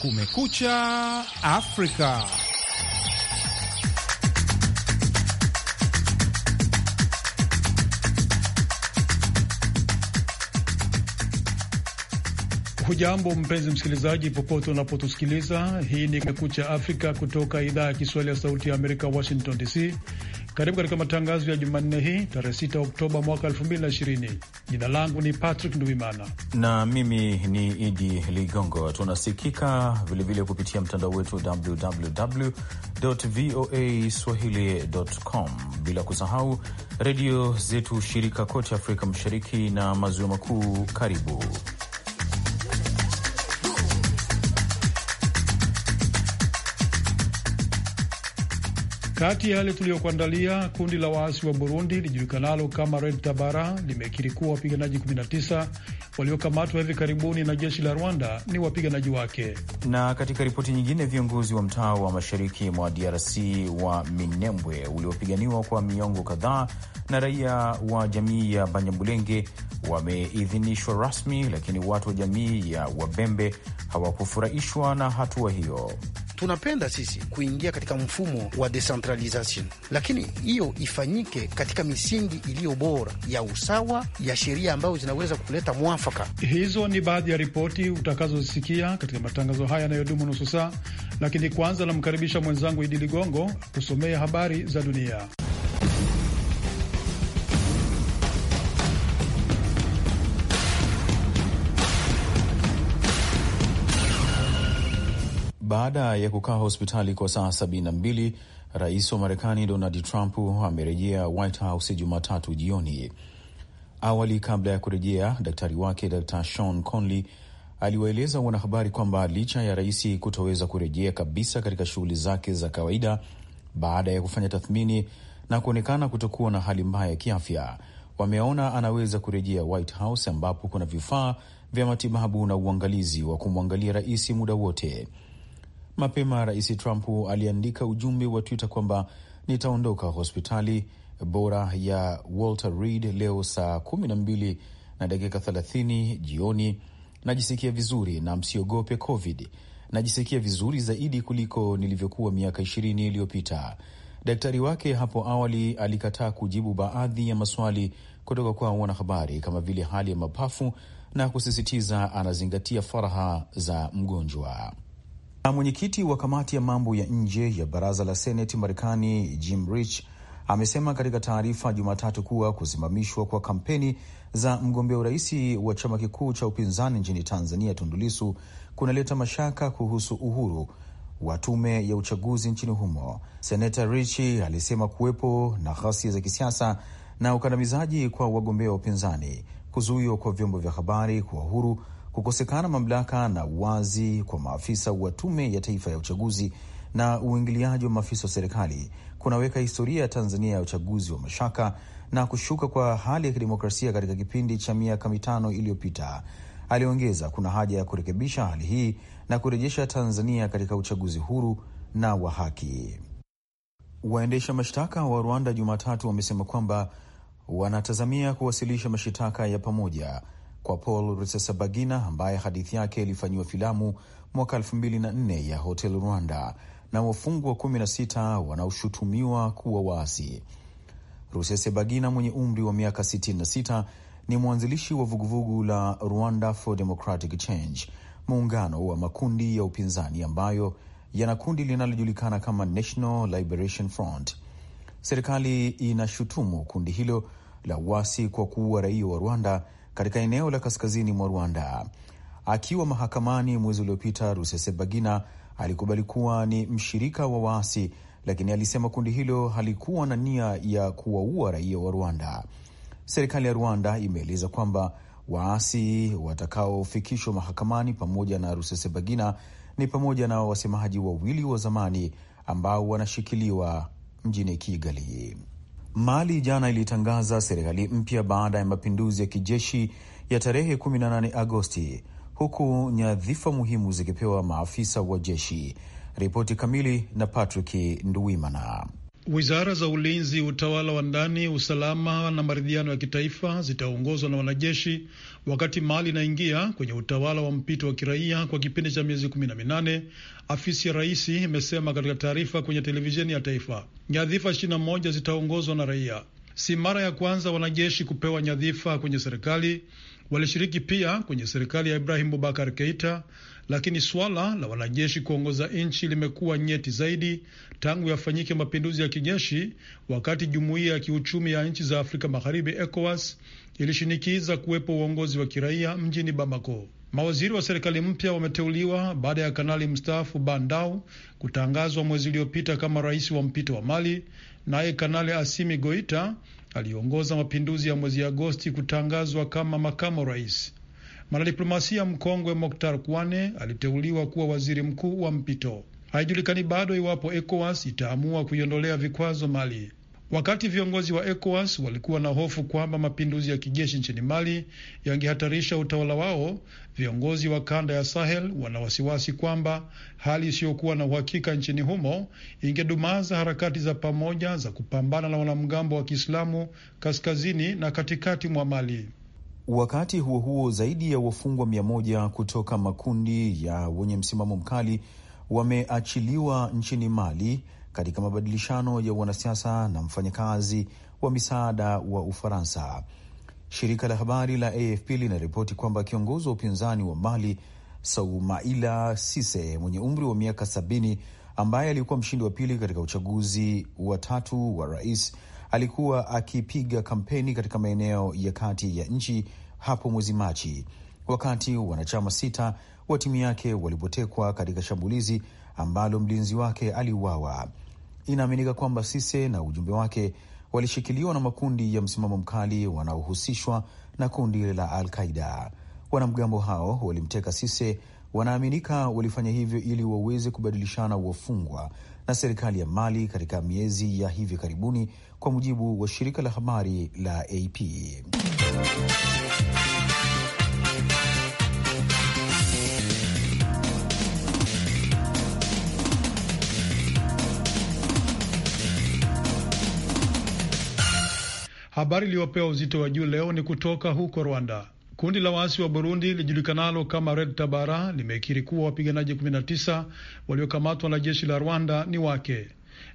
Kumekucha Afrika. Hujambo mpenzi msikilizaji, popote unapotusikiliza. Hii ni Kumekucha Afrika kutoka idhaa ya Kiswahili ya Sauti ya Amerika, Washington DC. Karibu katika matangazo ya Jumanne hii tarehe 6 Oktoba mwaka 2020. Jina langu ni Patrick Nduimana na mimi ni Idi Ligongo. Tunasikika vilevile kupitia mtandao wetu www voa swahilicom, bila kusahau redio zetu shirika kote Afrika Mashariki na Maziwa Makuu. Karibu. Kati ya yale tuliyokuandalia, kundi la waasi wa Burundi lijulikanalo kama Red Tabara limekiri kuwa wapiganaji 19 waliokamatwa hivi karibuni na jeshi la Rwanda ni wapiganaji wake. Na katika ripoti nyingine, viongozi wa mtaa wa mashariki mwa DRC wa Minembwe uliopiganiwa kwa miongo kadhaa na raia wa jamii ya Banyamulenge wameidhinishwa rasmi, lakini watu wa jamii ya Wabembe hawakufurahishwa na hatua hiyo tunapenda sisi kuingia katika mfumo wa decentralization, lakini hiyo ifanyike katika misingi iliyo bora ya usawa, ya sheria ambayo zinaweza kuleta mwafaka. Hizo ni baadhi ya ripoti utakazosikia katika matangazo haya yanayodumu nusu saa, lakini kwanza namkaribisha mwenzangu Idi Ligongo kusomea habari za dunia. Baada ya kukaa hospitali kwa saa sabini na mbili, rais wa Marekani Donald Trump amerejea White House Jumatatu jioni. Awali, kabla ya kurejea, daktari wake Dr Sean Conley aliwaeleza wanahabari kwamba licha ya rais kutoweza kurejea kabisa katika shughuli zake za kawaida baada ya kufanya tathmini na kuonekana kutokuwa na hali mbaya ya kiafya, wameona anaweza kurejea White House ambapo kuna vifaa vya matibabu na uangalizi wa kumwangalia rais muda wote. Mapema Rais Trump aliandika ujumbe wa Twitter kwamba nitaondoka hospitali bora ya Walter Reed leo saa kumi na mbili na dakika thelathini jioni. Najisikia vizuri na msiogope COVID. Najisikia vizuri zaidi kuliko nilivyokuwa miaka ishirini iliyopita. Daktari wake hapo awali alikataa kujibu baadhi ya maswali kutoka kwa wanahabari kama vile hali ya mapafu na kusisitiza anazingatia faraha za mgonjwa. Mwenyekiti wa kamati ya mambo ya nje ya baraza la seneti Marekani Jim Rich amesema katika taarifa Jumatatu kuwa kusimamishwa kwa kampeni za mgombea urais wa chama kikuu cha upinzani nchini Tanzania Tundulisu kunaleta mashaka kuhusu uhuru wa tume ya uchaguzi nchini humo. senata Rich alisema kuwepo na ghasia za kisiasa na ukandamizaji kwa wagombea wa upinzani, kuzuiwa kwa vyombo vya habari kuwa huru kukosekana mamlaka na uwazi kwa maafisa wa Tume ya Taifa ya Uchaguzi na uingiliaji wa maafisa wa serikali kunaweka historia ya Tanzania ya uchaguzi wa mashaka na kushuka kwa hali ya kidemokrasia katika kipindi cha miaka mitano iliyopita. Aliongeza, kuna haja ya kurekebisha hali hii na kurejesha Tanzania katika uchaguzi huru na wa haki. Waendesha mashtaka wa Rwanda Jumatatu wamesema kwamba wanatazamia kuwasilisha mashitaka ya pamoja kwa Paul Rusesabagina ambaye hadithi yake ilifanyiwa filamu mwaka 2004 ya Hotel Rwanda na wafungwa 16 wanaoshutumiwa kuwa waasi. Rusesabagina mwenye umri wa miaka 66 ni mwanzilishi wa vuguvugu la Rwanda for Democratic Change, muungano wa makundi ya upinzani ambayo yana kundi linalojulikana kama National Liberation Front. Serikali inashutumu kundi hilo la uasi kwa kuua raia wa Rwanda katika eneo la kaskazini mwa Rwanda. Akiwa mahakamani mwezi uliopita, rusesebagina alikubali kuwa ni mshirika wa waasi, lakini alisema kundi hilo halikuwa na nia ya kuwaua raia wa Rwanda. Serikali ya Rwanda imeeleza kwamba waasi watakaofikishwa mahakamani pamoja na rusesebagina ni pamoja na wasemaji wawili wa zamani ambao wanashikiliwa mjini Kigali. Mali jana ilitangaza serikali mpya baada ya mapinduzi ya kijeshi ya tarehe 18 Agosti, huku nyadhifa muhimu zikipewa maafisa wa jeshi. Ripoti kamili na Patrick Nduwimana. Wizara za ulinzi, utawala wa ndani, usalama na maridhiano ya kitaifa zitaongozwa na wanajeshi, wakati Mali inaingia kwenye utawala wa mpito wa kiraia kwa kipindi cha miezi kumi na minane, afisi ya rais imesema katika taarifa kwenye televisheni ya taifa. Nyadhifa ishirini na moja zitaongozwa na raia. Si mara ya kwanza wanajeshi kupewa nyadhifa kwenye serikali. Walishiriki pia kwenye serikali ya Ibrahim Bubakar Keita lakini swala la wanajeshi kuongoza nchi limekuwa nyeti zaidi tangu yafanyike mapinduzi ya kijeshi, wakati jumuiya ya kiuchumi ya nchi za Afrika Magharibi, ECOWAS, ilishinikiza kuwepo uongozi wa kiraia mjini Bamako. Mawaziri wa serikali mpya wameteuliwa baada ya kanali mstaafu Bandau kutangazwa mwezi uliopita kama rais wa mpito wa Mali, naye Kanali Asimi Goita aliongoza mapinduzi ya mwezi Agosti kutangazwa kama makamu rais. Mwanadiplomasia mkongwe Moktar Kwane aliteuliwa kuwa waziri mkuu wa mpito. Haijulikani bado iwapo ECOWAS itaamua kuiondolea vikwazo Mali. Wakati viongozi wa ECOWAS walikuwa na hofu kwamba mapinduzi ya kijeshi nchini Mali yangehatarisha utawala wao, viongozi wa kanda ya Sahel wana wasiwasi kwamba hali isiyokuwa na uhakika nchini humo ingedumaza harakati za pamoja za kupambana na wanamgambo wa Kiislamu kaskazini na katikati mwa Mali. Wakati huo huo, zaidi ya wafungwa mia moja kutoka makundi ya wenye msimamo mkali wameachiliwa nchini Mali katika mabadilishano ya wanasiasa na mfanyakazi wa misaada wa Ufaransa. Shirika la habari la AFP linaripoti kwamba kiongozi wa upinzani wa Mali Soumaila sise mwenye umri wa miaka sabini ambaye alikuwa mshindi wa pili katika uchaguzi wa tatu wa rais alikuwa akipiga kampeni katika maeneo ya kati ya nchi hapo mwezi Machi, wakati wanachama sita wa timu yake walipotekwa katika shambulizi ambalo mlinzi wake aliuawa. Inaaminika kwamba Sise na ujumbe wake walishikiliwa na makundi ya msimamo mkali wanaohusishwa na kundi la Al Qaida. Wanamgambo hao walimteka Sise. Wanaaminika walifanya hivyo ili waweze kubadilishana wafungwa na serikali ya Mali katika miezi ya hivi karibuni, kwa mujibu wa shirika la habari la AP. Habari iliyopewa uzito wa juu leo ni kutoka huko Rwanda. Kundi la waasi wa Burundi lijulikanalo kama Red Tabara limekiri kuwa wapiganaji 19 waliokamatwa na jeshi la Rwanda ni wake.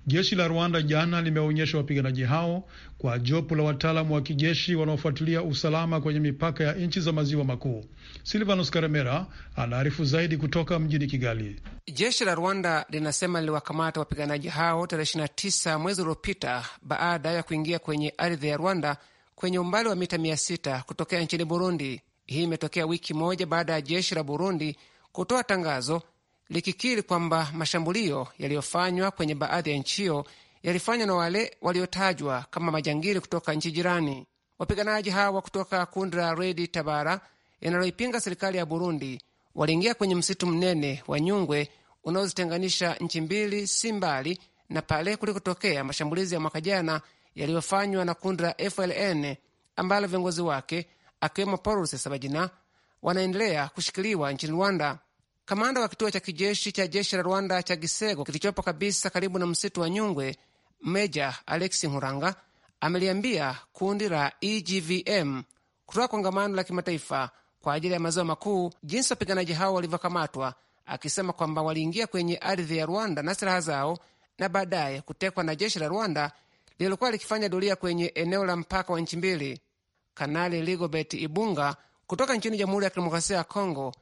Jeshi la Rwanda jana limeonyesha wapiganaji hao kwa jopo la wataalamu wa kijeshi wanaofuatilia usalama kwenye mipaka ya nchi za maziwa makuu. Silvanus Karemera anaarifu zaidi kutoka mjini Kigali. Jeshi la Rwanda linasema liliwakamata wapiganaji hao tarehe 29 mwezi uliopita baada ya kuingia kwenye ardhi ya Rwanda kwenye umbali wa mita mia sita kutokea nchini Burundi. Hii imetokea wiki moja baada ya jeshi la Burundi kutoa tangazo likikiri kwamba mashambulio yaliyofanywa kwenye baadhi ya nchi hiyo yalifanywa na wale waliotajwa kama majangili kutoka nchi jirani. Wapiganaji hawa kutoka kundi la Redi Tabara linaloipinga serikali ya Burundi waliingia kwenye msitu mnene wa Nyungwe unaozitenganisha nchi mbili si mbali na pale kulikotokea mashambulizi ya mwaka jana yaliyofanywa na kundi la FLN ambalo viongozi wake akiwemo Paul Rusesabagina wanaendelea kushikiliwa nchini Rwanda. Kamanda wa kituo cha kijeshi cha jeshi la Rwanda cha Gisego kilichopo kabisa karibu na msitu wa Nyungwe, Meja Alexi Nkuranga ameliambia kundi la EGVM kutoka kongamano la kimataifa kwa ajili ya maziwa makuu jinsi wapiganaji hao walivyokamatwa, akisema kwamba waliingia kwenye ardhi ya Rwanda na silaha zao na baadaye kutekwa na jeshi la Rwanda lililokuwa likifanya doria kwenye eneo la mpaka wa nchi mbili, Kanali Ligobet Ibunga kutoka nchini Jamhuri ya Kidemokrasia ya Kongo,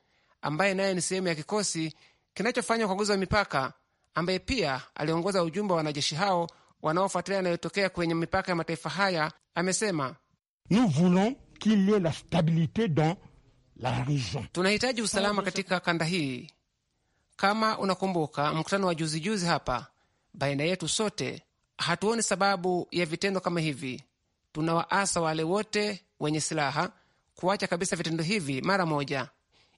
ambaye naye ni sehemu ya kikosi kinachofanya ukaguzi wa mipaka, ambaye pia aliongoza ujumbe wa wanajeshi hao wanaofuatilia yanayotokea kwenye mipaka ya mataifa haya, amesema nous voulons qu'il y ait la stabilite dans la region, tunahitaji usalama katika kanda hii. Kama unakumbuka mkutano wa juzijuzi juzi hapa baina yetu sote hatuoni sababu ya vitendo kama hivi. Tunawaasa wale wote wenye silaha kuacha kabisa vitendo hivi mara moja,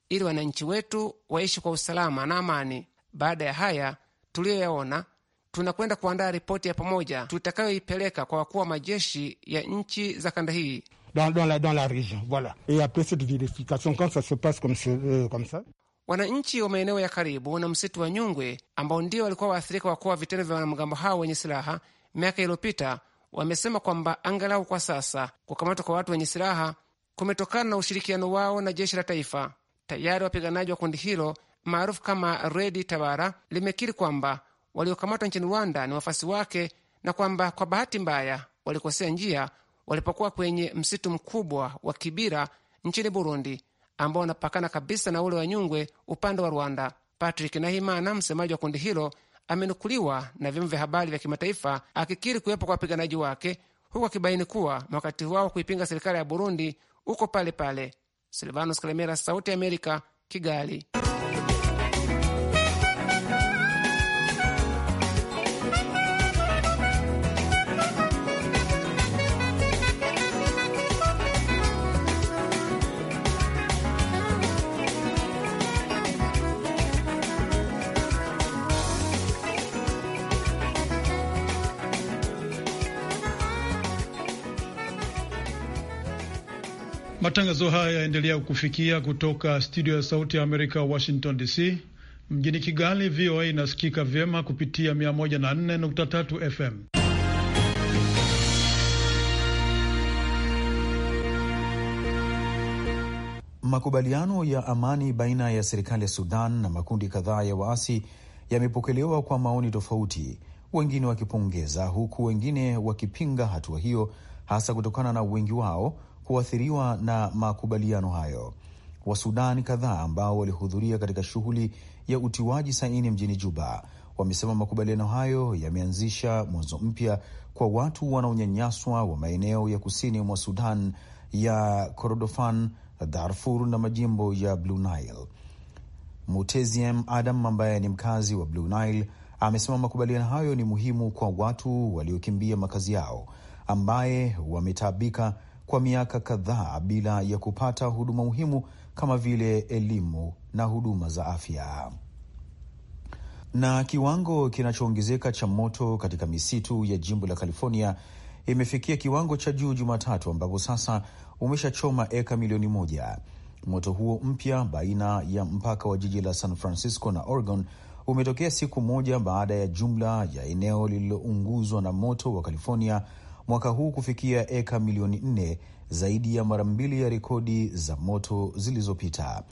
ili wananchi wetu waishi kwa usalama na amani. Baada ya haya tuliyoyaona, tunakwenda kuandaa ripoti ya pamoja tutakayoipeleka kwa wakuu wa majeshi ya nchi za kanda hii dans, dans la, dans la region, Et cette verification quand ça se passe comme, euh, comme ça Wananchi wa maeneo ya karibu na msitu wa Nyungwe ambao ndio walikuwa waathirika wakuu wa vitendo vya wanamgambo hao wenye silaha miaka iliyopita wamesema kwamba angalau kwa sasa kukamatwa kwa watu wenye silaha kumetokana na ushirikiano wao na jeshi la taifa. Tayari wapiganaji wa kundi hilo maarufu kama Redi Tabara limekiri kwamba waliokamatwa nchini Rwanda ni wafasi wake na kwamba kwa bahati mbaya walikosea njia walipokuwa kwenye msitu mkubwa wa Kibira nchini Burundi, ambao wanapakana kabisa na ule wa Nyungwe upande wa Rwanda. Patrick Nahimana, msemaji wa kundi hilo, amenukuliwa na vyombo vya habari vya kimataifa akikiri kuwepo kwa wapiganaji wake huku akibaini kuwa wakati wao kuipinga serikali ya Burundi uko pale pale. Silvanos Kalemera, Sauti ya Amerika, Kigali. Matangazo haya yaendelea kufikia kutoka studio ya Sauti ya Amerika, Washington DC. Mjini Kigali, VOA inasikika vyema kupitia 104.3 FM. Makubaliano ya amani baina ya serikali ya Sudan na makundi kadhaa ya waasi yamepokelewa kwa maoni tofauti, wengine wakipongeza, huku wengine wakipinga hatua hiyo, hasa kutokana na wengi wao kuathiriwa na makubaliano hayo. Wasudani kadhaa ambao walihudhuria katika shughuli ya utiwaji saini mjini Juba wamesema makubaliano hayo yameanzisha mwanzo mpya kwa watu wanaonyanyaswa wa maeneo ya kusini mwa Sudan ya Kordofan, Darfur na majimbo ya Blue Nile. Muteziem Adam ambaye ni mkazi wa Blue Nile amesema makubaliano hayo ni muhimu kwa watu waliokimbia makazi yao ambaye wametaabika kwa miaka kadhaa bila ya kupata huduma muhimu kama vile elimu na huduma za afya. Na kiwango kinachoongezeka cha moto katika misitu ya jimbo la California imefikia kiwango cha juu Jumatatu, ambapo sasa umeshachoma eka milioni moja. Moto huo mpya baina ya mpaka wa jiji la San Francisco na Oregon umetokea siku moja baada ya jumla ya eneo lililounguzwa na moto wa California mwaka huu kufikia eka milioni nne, zaidi ya mara mbili ya rekodi za moto zilizopita.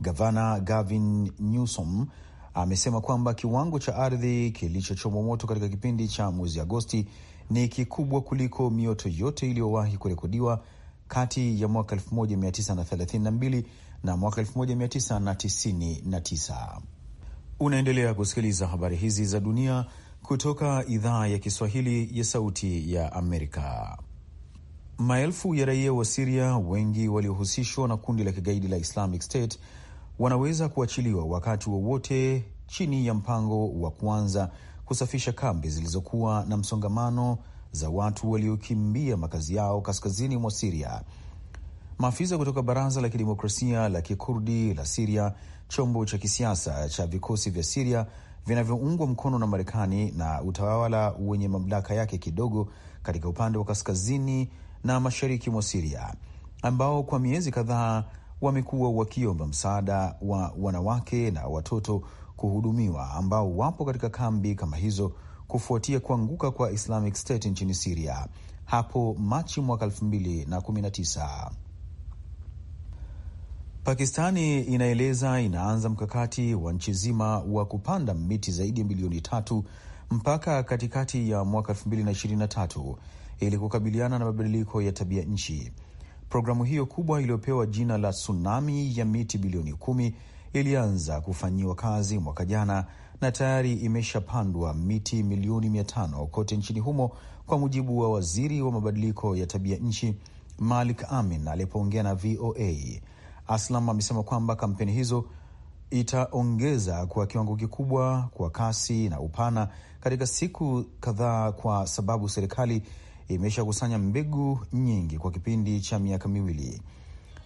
Gavana Gavin Newsom amesema kwamba kiwango cha ardhi kilichochomwa moto katika kipindi cha mwezi Agosti ni kikubwa kuliko mioto yote iliyowahi kurekodiwa kati ya mwaka 1932 na mwaka 1999. Unaendelea kusikiliza habari hizi za dunia kutoka idhaa ya Kiswahili ya Sauti ya Amerika. Maelfu ya raia wa Siria, wengi waliohusishwa na kundi la kigaidi la Islamic State, wanaweza kuachiliwa wakati wowote wa chini ya mpango wa kuanza kusafisha kambi zilizokuwa na msongamano za watu waliokimbia makazi yao kaskazini mwa Siria. Maafisa kutoka Baraza la Kidemokrasia la Kikurdi la Siria, chombo cha kisiasa cha vikosi vya Siria vinavyoungwa mkono na Marekani na utawala wenye mamlaka yake kidogo katika upande wa kaskazini na mashariki mwa Siria ambao kwa miezi kadhaa wamekuwa wakiomba msaada wa wanawake na watoto kuhudumiwa ambao wapo katika kambi kama hizo kufuatia kuanguka kwa Islamic State nchini Siria hapo Machi mwaka 2019. Pakistani inaeleza inaanza mkakati wa nchi zima wa kupanda miti zaidi ya milioni tatu mpaka katikati ya mwaka 223 ili kukabiliana na mabadiliko ya tabia nchi. Programu hiyo kubwa iliyopewa jina la Tsunami ya miti bilioni kumi ilianza kufanyiwa kazi mwaka jana na tayari imeshapandwa miti milioni mia tano kote nchini humo, kwa mujibu wa waziri wa mabadiliko ya tabia nchi Malik Amin alipoongea na VOA. Aslam amesema kwamba kampeni hizo itaongeza kwa kiwango kikubwa kwa kasi na upana katika siku kadhaa, kwa sababu serikali imeshakusanya mbegu nyingi kwa kipindi cha miaka miwili.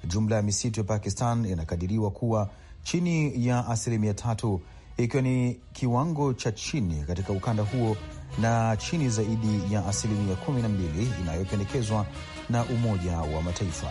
Jumla ya misitu ya Pakistan inakadiriwa kuwa chini ya asilimia tatu, ikiwa ni kiwango cha chini katika ukanda huo na chini zaidi ya asilimia kumi na mbili inayopendekezwa na Umoja wa Mataifa.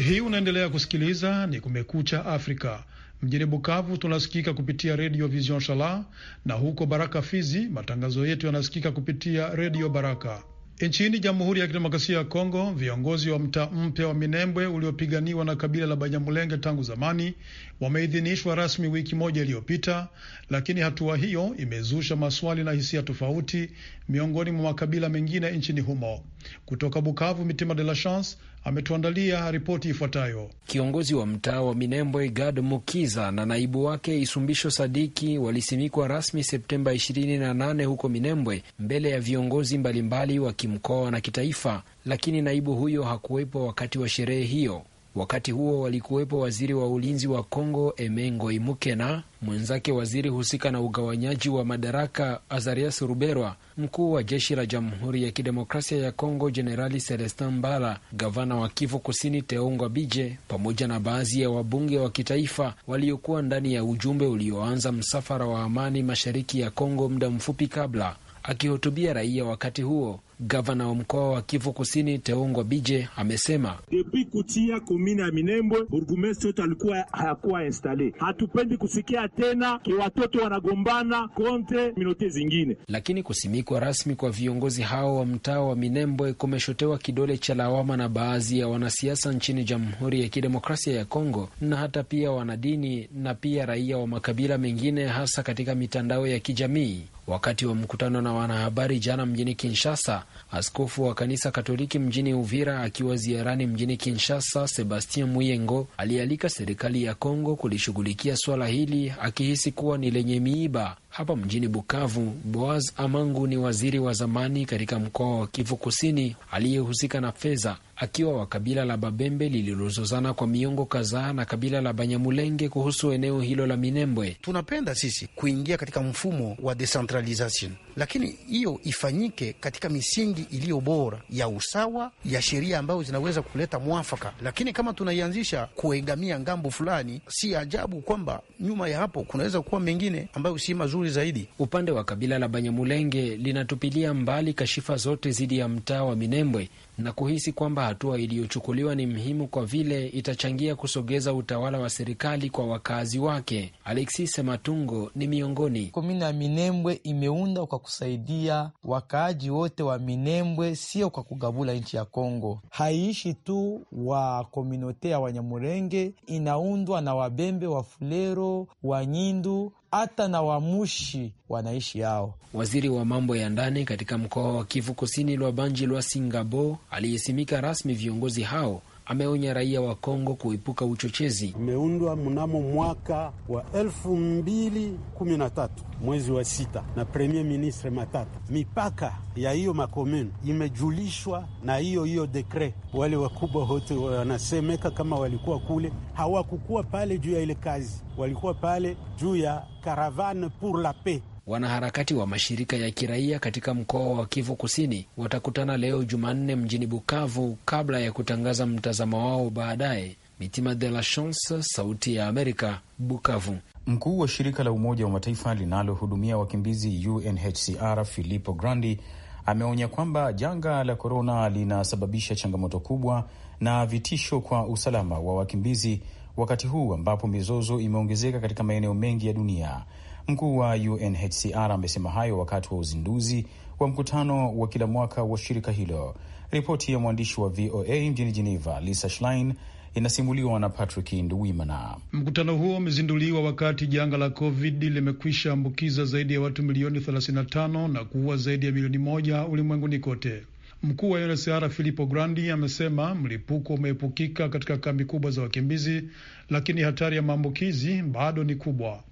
Hii unaendelea kusikiliza ni Kumekucha Afrika. Mjini Bukavu tunasikika kupitia redio Vision Shala, na huko Baraka Fizi matangazo yetu yanasikika kupitia redio Baraka. Nchini Jamhuri ya Kidemokrasia ya Kongo, viongozi wa mtaa mpya wa Minembwe uliopiganiwa na kabila la Banyamulenge tangu zamani wameidhinishwa rasmi wiki moja iliyopita, lakini hatua hiyo imezusha maswali na hisia tofauti miongoni mwa makabila mengine nchini humo. Kutoka Bukavu, Mitima de la Chance ametuandalia ripoti ifuatayo. Kiongozi wa mtaa wa Minembwe Gad Mukiza na naibu wake Isumbisho Sadiki walisimikwa rasmi Septemba 28 huko Minembwe mbele ya viongozi mbalimbali wa kimkoa na kitaifa, lakini naibu huyo hakuwepo wakati wa sherehe hiyo. Wakati huo walikuwepo waziri wa ulinzi wa Kongo Emengo Imukena, mwenzake waziri husika na ugawanyaji wa madaraka Azarias Ruberwa, mkuu wa jeshi la Jamhuri ya Kidemokrasia ya Kongo Jenerali Celestin Mbala, gavana wa Kivu Kusini Teongwa Bije, pamoja na baadhi ya wabunge wa kitaifa waliokuwa ndani ya ujumbe ulioanza msafara wa amani mashariki ya Kongo muda mfupi kabla. Akihutubia raia wakati huo Gavana wa mkoa wa Kivu Kusini Teungwa Bije amesema depi kutia komini ya Minembwe burgumestre wetu alikuwa hayakuwa instale. Hatupendi kusikia tena kiwatoto wanagombana kontre minote zingine. Lakini kusimikwa rasmi kwa viongozi hao wa mtaa wa Minembwe kumeshotewa kidole cha lawama na baadhi ya wanasiasa nchini Jamhuri ya Kidemokrasia ya Kongo na hata pia wanadini na pia raia wa makabila mengine hasa katika mitandao ya kijamii. Wakati wa mkutano na wanahabari jana mjini Kinshasa Askofu wa kanisa Katoliki mjini Uvira akiwa ziarani mjini Kinshasa, Sebastien Muyengo alialika serikali ya Kongo kulishughulikia swala hili akihisi kuwa ni lenye miiba hapa mjini Bukavu, Boaz Amangu ni waziri wa zamani katika mkoa wa Kivu Kusini aliyehusika na fedha, akiwa wa kabila la Babembe lililozozana kwa miongo kadhaa na kabila la Banyamulenge kuhusu eneo hilo la Minembwe. Tunapenda sisi kuingia katika mfumo wa decentralization, lakini hiyo ifanyike katika misingi iliyo bora ya usawa, ya sheria ambayo zinaweza kuleta mwafaka. Lakini kama tunaianzisha kuegamia ngambo fulani, si ajabu kwamba nyuma ya hapo kunaweza kuwa mengine ambayo si mazuri vizuri zaidi. Upande wa kabila la Banyamulenge linatupilia mbali kashifa zote dhidi ya mtaa wa Minembwe na kuhisi kwamba hatua iliyochukuliwa ni muhimu kwa vile itachangia kusogeza utawala wa serikali kwa wakazi wake. Alexis Matungo ni miongoni. komina ya Minembwe imeunda kwa kusaidia wakaaji wote wa Minembwe, sio kwa kugabula nchi ya Kongo. Haiishi tu wa komunote ya Wanyamurenge, inaundwa na Wabembe, Wafulero, Wanyindu hata na wamushi wanaishi yao. Waziri wa mambo ya ndani katika mkoa wa Kivu Kusini, Lwabanji Lwa Singabo aliyesimika rasmi viongozi hao ameonya raia wa Kongo kuepuka uchochezi. Imeundwa mnamo mwaka wa 2013 mwezi wa sita na premier ministre Matata. Mipaka ya hiyo makomune imejulishwa na hiyo hiyo dekre. Wale wakubwa wote wanasemeka kama walikuwa kule, hawakukuwa pale juu ya ile kazi, walikuwa pale juu ya caravane pour la paix Wanaharakati wa mashirika ya kiraia katika mkoa wa Kivu Kusini watakutana leo Jumanne mjini Bukavu kabla ya kutangaza mtazamo wao baadaye. Mitima de la Chance, Sauti ya Amerika, Bukavu. Mkuu wa shirika la Umoja wa Mataifa linalohudumia wakimbizi UNHCR Filippo Grandi ameonya kwamba janga la korona linasababisha changamoto kubwa na vitisho kwa usalama wa wakimbizi wakati huu ambapo mizozo imeongezeka katika maeneo mengi ya dunia. Mkuu wa UNHCR amesema hayo wakati wa uzinduzi wa mkutano wa kila mwaka wa shirika hilo. Ripoti ya mwandishi wa VOA mjini Geneva, Lisa Schlein, inasimuliwa na Patrick Nduwimana. Mkutano huo umezinduliwa wakati janga la COVID limekwisha ambukiza zaidi ya watu milioni 35 na kuua zaidi ya milioni moja ulimwenguni kote. Mkuu wa UNHCR Filippo Grandi amesema mlipuko umeepukika katika kambi kubwa za wakimbizi, lakini hatari ya maambukizi bado ni kubwa.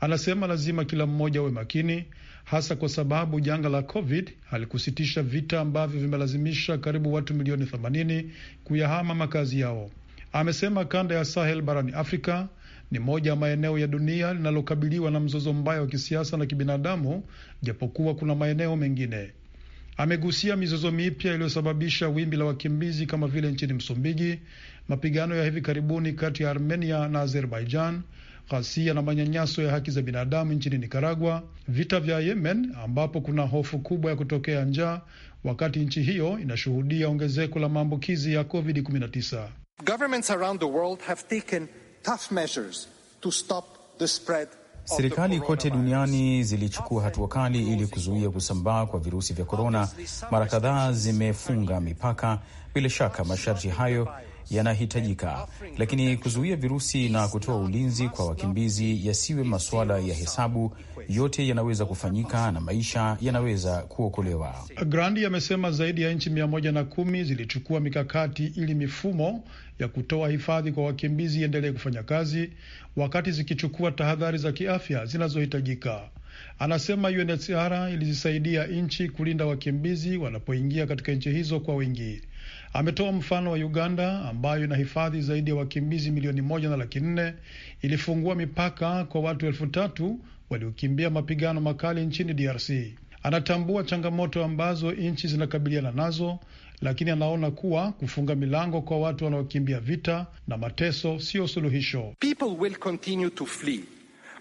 Anasema lazima kila mmoja awe makini, hasa kwa sababu janga la COVID halikusitisha vita ambavyo vimelazimisha karibu watu milioni 80 kuyahama makazi yao. Amesema kanda ya Sahel barani Afrika ni moja ya maeneo ya dunia linalokabiliwa na mzozo mbaya wa kisiasa na kibinadamu, japokuwa kuna maeneo mengine. Amegusia mizozo mipya iliyosababisha wimbi la wakimbizi kama vile nchini Msumbiji, mapigano ya hivi karibuni kati ya Armenia na Azerbaijan, ghasia na manyanyaso ya haki za binadamu nchini Nikaragua, vita vya Yemen ambapo kuna hofu kubwa ya kutokea njaa wakati nchi hiyo inashuhudia ongezeko la maambukizi ya COVID-19. Governments around the world have taken tough measures to stop the spread Serikali kote duniani zilichukua hatua kali ili kuzuia kusambaa kwa virusi vya korona. Mara kadhaa zimefunga mipaka. Bila shaka masharti hayo yanahitajika, lakini kuzuia virusi na kutoa ulinzi kwa wakimbizi yasiwe masuala ya hesabu. Yote yanaweza kufanyika na maisha yanaweza kuokolewa. Grandi amesema zaidi ya nchi mia moja na kumi zilichukua mikakati ili mifumo ya kutoa hifadhi kwa wakimbizi iendelee kufanya kazi wakati zikichukua tahadhari za kiafya zinazohitajika. Anasema UNHCR ilizisaidia nchi kulinda wakimbizi wanapoingia katika nchi hizo kwa wingi. Ametoa mfano wa Uganda ambayo ina hifadhi zaidi ya wakimbizi milioni moja na laki nne ilifungua mipaka kwa watu elfu tatu waliokimbia mapigano makali nchini DRC. Anatambua changamoto ambazo nchi zinakabiliana nazo, lakini anaona kuwa kufunga milango kwa watu wanaokimbia vita na mateso sio suluhisho. People will continue to flee.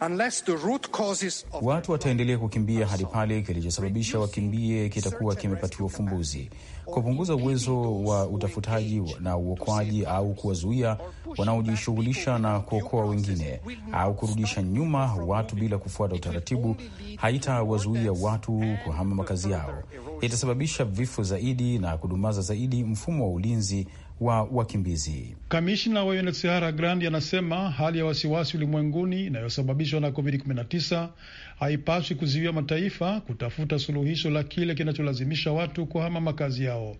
Unless the root causes of... watu wataendelea kukimbia hadi pale kilichosababisha wakimbie kitakuwa kimepatiwa ufumbuzi kupunguza uwezo wa utafutaji na uokoaji au kuwazuia wanaojishughulisha na kuokoa wengine au kurudisha nyuma watu bila kufuata utaratibu, haitawazuia watu kuhama makazi yao, itasababisha vifo zaidi na kudumaza zaidi mfumo wa ulinzi wa wakimbizi. Kamishna wa UNHCR Grandi anasema hali ya wasiwasi ulimwenguni inayosababishwa na COVID-19 haipaswi kuziwia mataifa kutafuta suluhisho la kile kinacholazimisha watu kuhama makazi yao.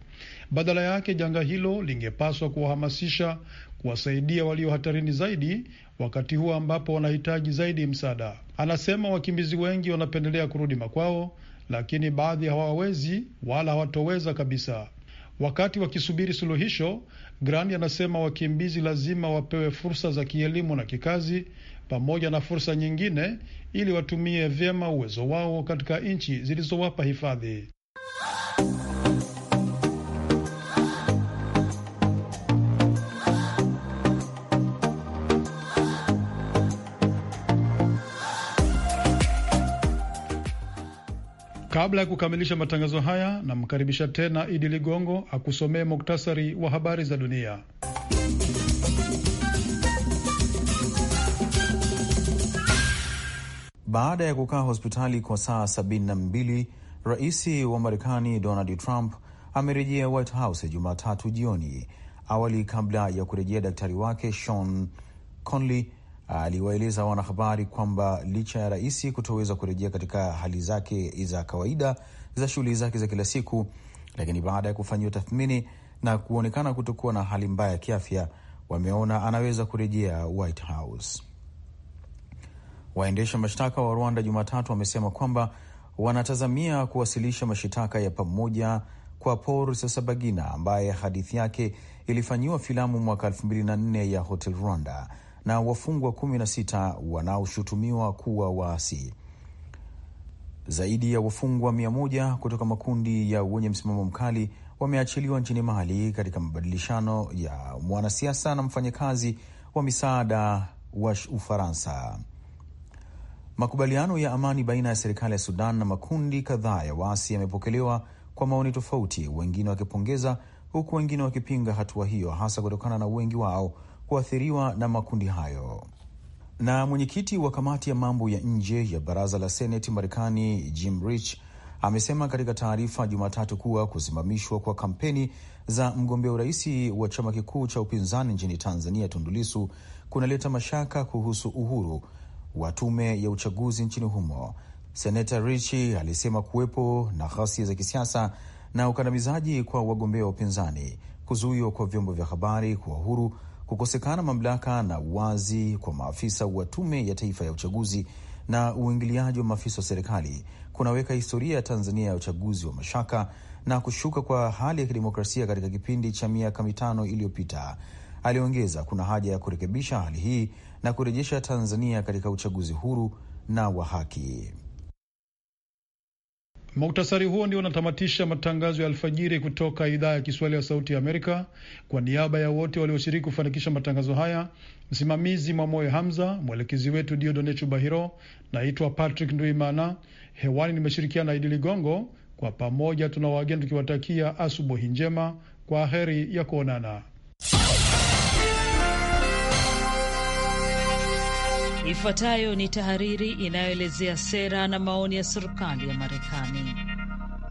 Badala yake, janga hilo lingepaswa kuwahamasisha, kuwasaidia walio hatarini zaidi, wakati huo ambapo wanahitaji zaidi msaada. Anasema wakimbizi wengi wanapendelea kurudi makwao, lakini baadhi hawawezi wala hawatoweza kabisa. Wakati wakisubiri suluhisho, Grandi anasema wakimbizi lazima wapewe fursa za kielimu na kikazi, pamoja na fursa nyingine ili watumie vyema uwezo wao katika nchi zilizowapa hifadhi. Kabla ya kukamilisha matangazo haya, namkaribisha tena Idi Ligongo akusomee muktasari wa habari za dunia. Baada ya kukaa hospitali kwa saa 72 rais wa Marekani Donald Trump amerejea White House Jumatatu jioni. Awali, kabla ya kurejea, daktari wake Sean Conley aliwaeleza wanahabari kwamba licha ya rais kutoweza kurejea katika hali zake za kawaida za shughuli zake za kila siku, lakini baada ya kufanyiwa tathmini na kuonekana kutokuwa na hali mbaya ya kiafya, wameona anaweza kurejea White House. Waendesha mashtaka wa Rwanda Jumatatu wamesema kwamba wanatazamia kuwasilisha mashitaka ya pamoja kwa Paul Rusesabagina ambaye hadithi yake ilifanyiwa filamu mwaka 2004 ya Hotel Rwanda na wafungwa 16 wanaoshutumiwa kuwa waasi. Zaidi ya wafungwa 100 kutoka makundi ya wenye msimamo mkali wameachiliwa nchini Mali katika mabadilishano ya mwanasiasa na mfanyakazi wa misaada wa Ufaransa. Makubaliano ya amani baina ya serikali ya Sudan na makundi kadhaa ya waasi yamepokelewa kwa maoni tofauti, wengine wakipongeza huku wengine wakipinga hatua hiyo, hasa kutokana na wengi wao kuathiriwa na makundi hayo. Na mwenyekiti wa kamati ya mambo ya nje ya baraza la seneti Marekani Jim Rich amesema katika taarifa Jumatatu kuwa kusimamishwa kwa kampeni za mgombea urais wa chama kikuu cha upinzani nchini Tanzania Tundulisu kunaleta mashaka kuhusu uhuru wa tume ya uchaguzi nchini humo. Senata Richi alisema kuwepo na ghasia za kisiasa na ukandamizaji kwa wagombea wa upinzani, kuzuiwa kwa vyombo vya habari kuwa huru, kukosekana mamlaka na uwazi kwa maafisa wa tume ya taifa ya uchaguzi na uingiliaji wa maafisa wa serikali kunaweka historia ya Tanzania ya uchaguzi wa mashaka na kushuka kwa hali ya kidemokrasia katika kipindi cha miaka mitano iliyopita. Aliongeza kuna haja ya kurekebisha hali hii na kurejesha Tanzania katika uchaguzi huru na wa haki. Muktasari huo ndio unatamatisha matangazo ya alfajiri kutoka idhaa ya Kiswahili ya Sauti ya Amerika. Kwa niaba ya wote walioshiriki kufanikisha matangazo haya, msimamizi Mwamoyo Hamza, mwelekezi wetu Diodone Chubahiro. Naitwa Patrick Nduimana, hewani nimeshirikiana na Idi Ligongo. Kwa pamoja tuna tukiwatakia asubuhi njema, kwa heri ya kuonana. Ifuatayo ni tahariri inayoelezea sera na maoni ya serikali ya Marekani.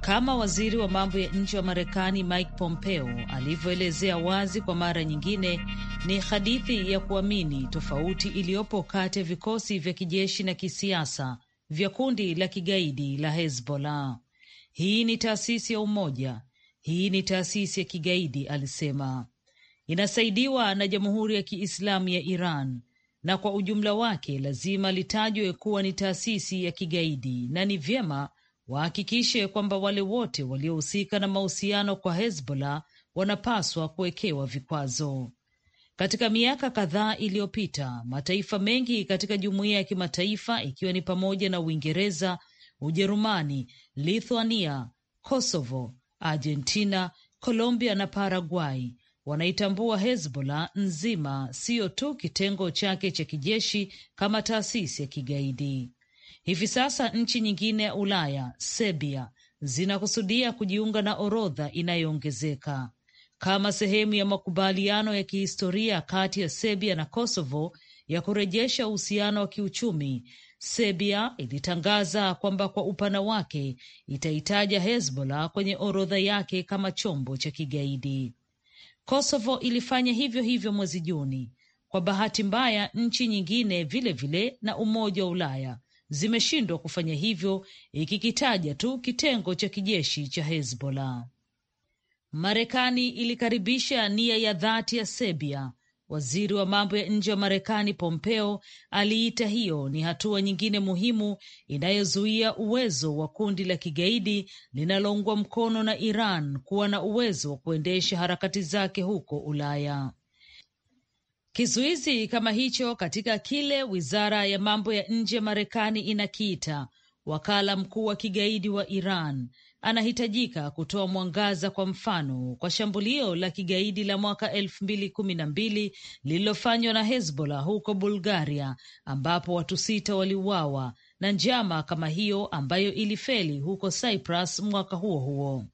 Kama waziri wa mambo ya nje wa Marekani Mike Pompeo alivyoelezea wazi kwa mara nyingine, ni hadithi ya kuamini tofauti iliyopo kati ya vikosi vya kijeshi na kisiasa vya kundi la kigaidi la Hezbollah. Hii ni taasisi ya umoja, hii ni taasisi ya kigaidi, alisema. Inasaidiwa na Jamhuri ya Kiislamu ya Iran na kwa ujumla wake lazima litajwe kuwa ni taasisi ya kigaidi, na ni vyema wahakikishe kwamba wale wote waliohusika na mahusiano kwa Hezbollah wanapaswa kuwekewa vikwazo. Katika miaka kadhaa iliyopita, mataifa mengi katika jumuiya ya kimataifa ikiwa ni pamoja na Uingereza, Ujerumani, Lithuania, Kosovo, Argentina, Colombia na Paraguay wanaitambua Hezbollah nzima, siyo tu kitengo chake cha kijeshi, kama taasisi ya kigaidi. Hivi sasa nchi nyingine ya Ulaya, Serbia, zinakusudia kujiunga na orodha inayoongezeka kama sehemu ya makubaliano ya kihistoria kati ya Serbia na Kosovo ya kurejesha uhusiano wa kiuchumi. Serbia ilitangaza kwamba kwa upana wake itaitaja Hezbollah kwenye orodha yake kama chombo cha kigaidi. Kosovo ilifanya hivyo hivyo mwezi Juni. Kwa bahati mbaya, nchi nyingine vilevile vile na Umoja wa Ulaya zimeshindwa kufanya hivyo, ikikitaja tu kitengo cha kijeshi cha Hezbollah. Marekani ilikaribisha nia ya dhati ya Serbia Waziri wa mambo ya nje wa Marekani Pompeo aliita hiyo ni hatua nyingine muhimu inayozuia uwezo wa kundi la kigaidi linaloungwa mkono na Iran kuwa na uwezo wa kuendesha harakati zake huko Ulaya. Kizuizi kama hicho katika kile wizara ya mambo ya nje ya Marekani inakiita wakala mkuu wa kigaidi wa Iran anahitajika kutoa mwangaza, kwa mfano kwa shambulio la kigaidi la mwaka elfu mbili kumi na mbili lililofanywa na Hezbollah huko Bulgaria, ambapo watu sita waliuawa na njama kama hiyo ambayo ilifeli huko Cyprus mwaka huo huo.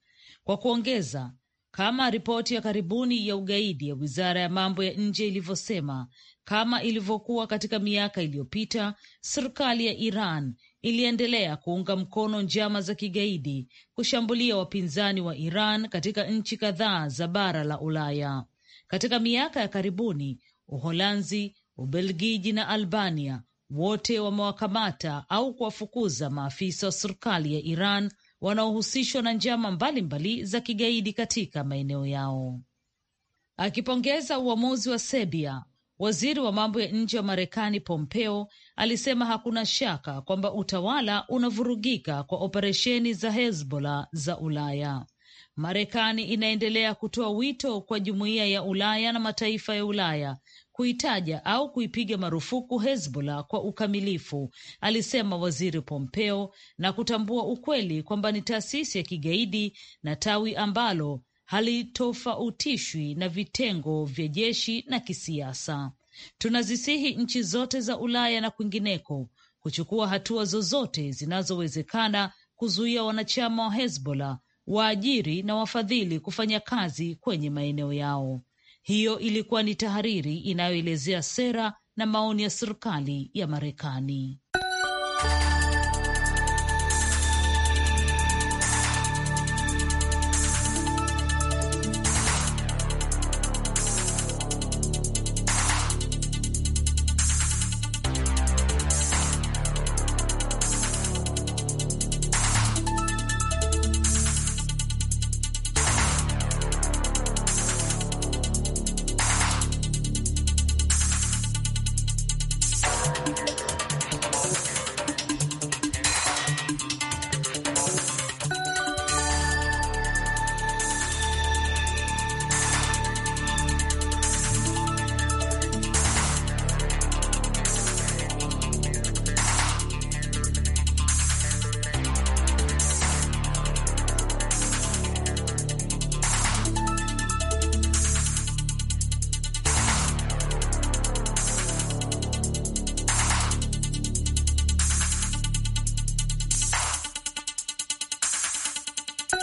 Kwa kuongeza, kama ripoti ya karibuni ya ugaidi ya wizara ya mambo ya nje ilivyosema, kama ilivyokuwa katika miaka iliyopita, serikali ya Iran iliendelea kuunga mkono njama za kigaidi kushambulia wapinzani wa Iran katika nchi kadhaa za bara la Ulaya. Katika miaka ya karibuni, Uholanzi, Ubelgiji na Albania wote wamewakamata au kuwafukuza maafisa wa serikali ya Iran wanaohusishwa na njama mbalimbali mbali za kigaidi katika maeneo yao. Akipongeza uamuzi wa Serbia, Waziri wa mambo ya nje wa Marekani Pompeo alisema hakuna shaka kwamba utawala unavurugika kwa operesheni za Hezbollah za Ulaya. Marekani inaendelea kutoa wito kwa jumuiya ya Ulaya na mataifa ya Ulaya kuitaja au kuipiga marufuku Hezbollah kwa ukamilifu, alisema waziri Pompeo, na kutambua ukweli kwamba ni taasisi ya kigaidi na tawi ambalo halitofautishwi na vitengo vya jeshi na kisiasa. Tunazisihi nchi zote za Ulaya na kwingineko kuchukua hatua zozote zinazowezekana kuzuia wanachama wa Hezbollah, waajiri na wafadhili kufanya kazi kwenye maeneo yao. Hiyo ilikuwa ni tahariri inayoelezea sera na maoni ya serikali ya Marekani.